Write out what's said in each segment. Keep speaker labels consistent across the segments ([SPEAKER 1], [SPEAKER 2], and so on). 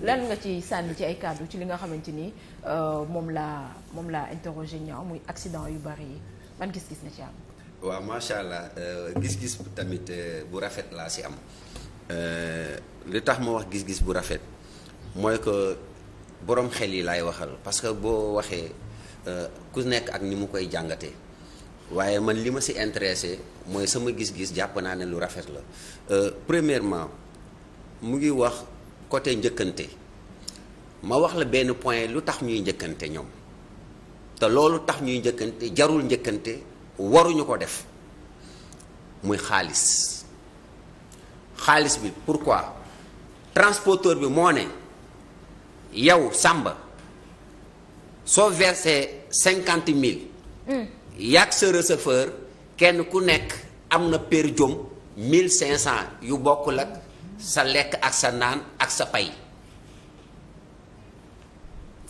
[SPEAKER 1] lan nga ci sànni ci ay kàddu ci li nga xamante ni euh, moom laa moom laa interroger ñaaw muy accident yu bari yi ban gis-gis na ci am.
[SPEAKER 2] waaw macha allah euh, gis-gis tamit euh, bu rafet laa si am lu tax ma wax gis-gis bu rafet mooy que borom xel yi laay waxal parce que boo waxee ku nekk ak ni mu koy jàngatee. waaye man li ma si intéressé mooy sama gis-gis jàpp naa ne lu rafet la premièrement mu ngi wax côté njëkkante ma wax la benn point lu tax ñuy njëkkante ñoom te loolu tax ñuy njëkkante jarul njëkkante waruñu ko def muy xaalis xaalis bi pour pourquoi transporteur bi moo ne yow sàmba soo versé cinquante mil hmm. yàgg sa receveur kenn ku nekk am na per jom mille cinq cent yu bokk ak sa lekk ak sa naan ak sa pay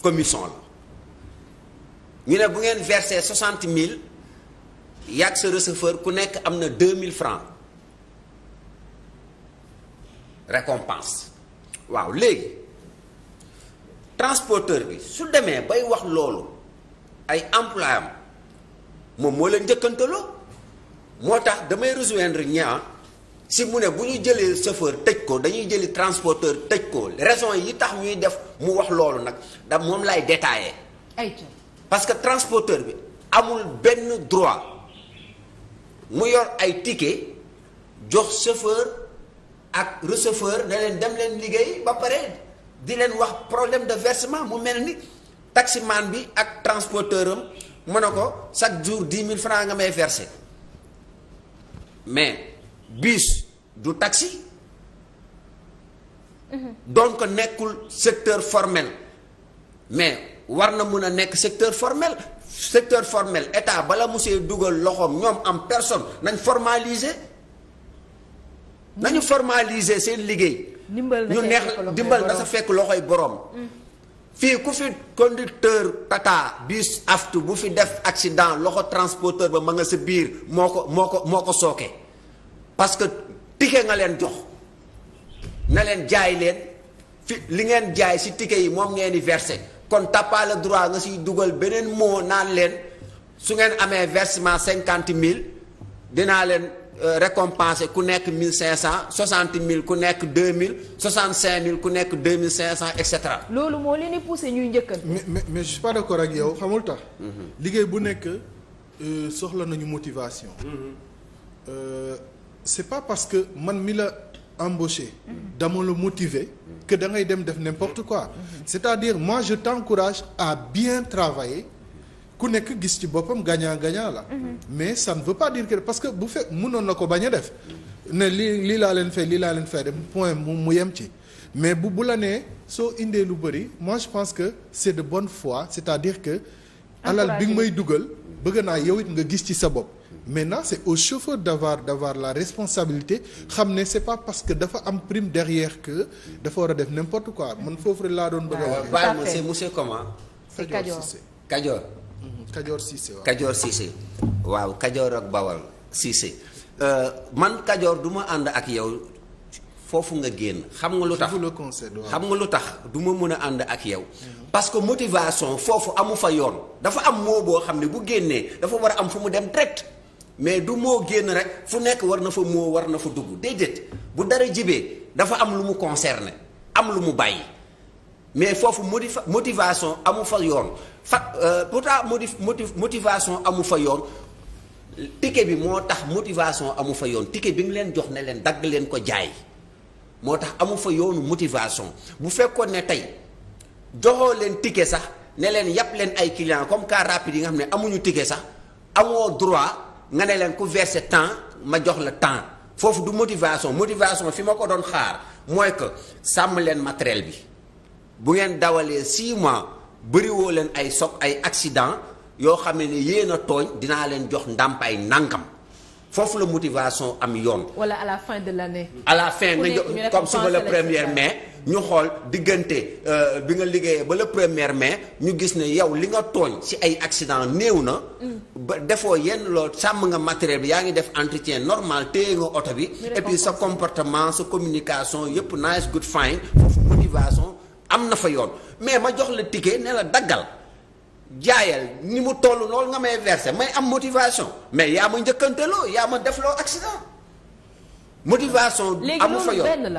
[SPEAKER 2] commission la ñu ne bu ngeen verse soixante mille yàgg sa receveur ku nekk am na deux mille francs récompense waaw léegi transporteur bi su demee bay wax loolu ay employé moom moo leen njëkkantaloo moo tax damay rejoindre ñaa si mu ne bu ñu jëlee chauffeur tëj ko dañuy jëli transporteur tëj ko raison yi tax ñuy def mu wax loolu nag da moom lay détaillé. parce que transporteur bi amul benn droit mu yor ay ticket jox chauffeur ak receveur ne leen dem leen liggéey ba pare di leen wax problème de versement mu mel ni taximan bi ak transporteur am mu ne ko chaque jour dix mille francs nga may verser mais. bis du taxi. Mhm. donc nekkul secteur formel. mais war na mun a nekk secteur formel secteur formel état bala mu see dugal loxoom ñoom am personne nañ formaliser. nañu formaliser seen liggéey.
[SPEAKER 1] ñu neex dimbal na sa fekk
[SPEAKER 2] loxoy boroom. Mm. fii ku fi conducteur tata bus aftu bu fi def accident loxo transporteur ba ma nga sa biir moo ko moo ko moo ko sooke parce ticket nga leen jox na leen jaay leen fi li ngeen jaay si ticket yi moom ngeen di versé kon t'as pas le droit nga siy dugal beneen moo naan leen su ngeen amee versement cinquante mille dinaa leen euh, récompenser ku nekk mille cinq cent soixante mille ku nekk deux mille soixante cinq mille ku nekk deux mille cinq cent et cetera.
[SPEAKER 1] loolu moo leen di poussé ñuy njëkkan. mais mais mais je pas d'accord ak yow xamul tax. Mm-hmm. liggéey bu nekk euh, soxla nañu motivation. Mm-hmm. Euh, c'est pas parce que man mi la embauché dama la motiver que da dem def n'importe quoi c'est-à-dire moi je t'encourage à bien travailler ku nekk gis ci boppam gagnant gagnant la mais ça ne veut pas dire que parce que bu fekk munoon na ko bañ a def ne lii lii laa leen fay lii laa leen fay dem point mu mu yem ci mais bu bu la nee soo indee lu bëri moi je pense que c'est de bonne foi c'est-à-dire que
[SPEAKER 2] alal bi may
[SPEAKER 1] dugal bëgg naa yow it nga gis ci sa bopp maintenant c'est au chauffeur d'avoir d'avoir la responsabilité xam ne c'est pas parce que dafa am prime derrière que dafa war a def n'importe quoi man foofu rek laa doon bëgg a wax monsieur
[SPEAKER 2] monsieur comment c'est mhm,
[SPEAKER 1] Kajoor Cissé waaw
[SPEAKER 2] Kajoor Cissé waaw Kajoor ak euh, man Kajoor du ma ànd ak yow foofu nga génn xam nga lu tax xam nga lu tax du ma mën a ànd ak yow parce que motivation foofu amu fa yoon dafa am moo boo xam ne bu génnee dafa war a am fu mu dem direct mais du moo génn rek fu nekk war na fa moo war na fa dugg déedéet bu dara jibee dafa am lu mu concerné am lu mu bàyyi mais foofu modifa motivation amu fa yoon fa euh, pourtant modif motivation amu fa yoon ticket bi moo tax motivation amu fa yoon ticket bi nga leen jox ne leen dagg leen ko jaay moo tax amu fa yoonu motivation bu fekkoon ne tey joxoo leen ticket sax ne leen yàpp leen ay client comme car rapide yi nga xam ne amuñu ticket sax amoo droit nga ne leen ku verser temps ma jox la temps foofu du motivation motivation fi ma ko doon xaar mooy que sàmm leen matériel bi bu ngeen dawalee 6 mois bëriwoo leen ay soog ay accident yoo xam ne ne yéen a tooñ dinaa leen jox ndàmp ay nangam foofu la motivation am yoon.
[SPEAKER 1] wala à la fin de l'année. à la fin nga jox comme suba le premier mais
[SPEAKER 2] ñu xool diggante euh, bi nga liggéeyee ba le premier mai ñu gis ne yow li nga tooñ si ay accident néew na. Mm. ba defoo yenn lool sàmm nga matériel bi yaa ngi def entretien normal téye nga oto bi. et puis sa comportement sa communication yëpp nice good fine foofu motivation am na fa yoon mais ma jox la ticket ne la daggal. jaayal ni mu loolu nga may versé may am motivation mais yaa ma njëkkanteloo yaa ma defloo accident motivation. amu fa yoon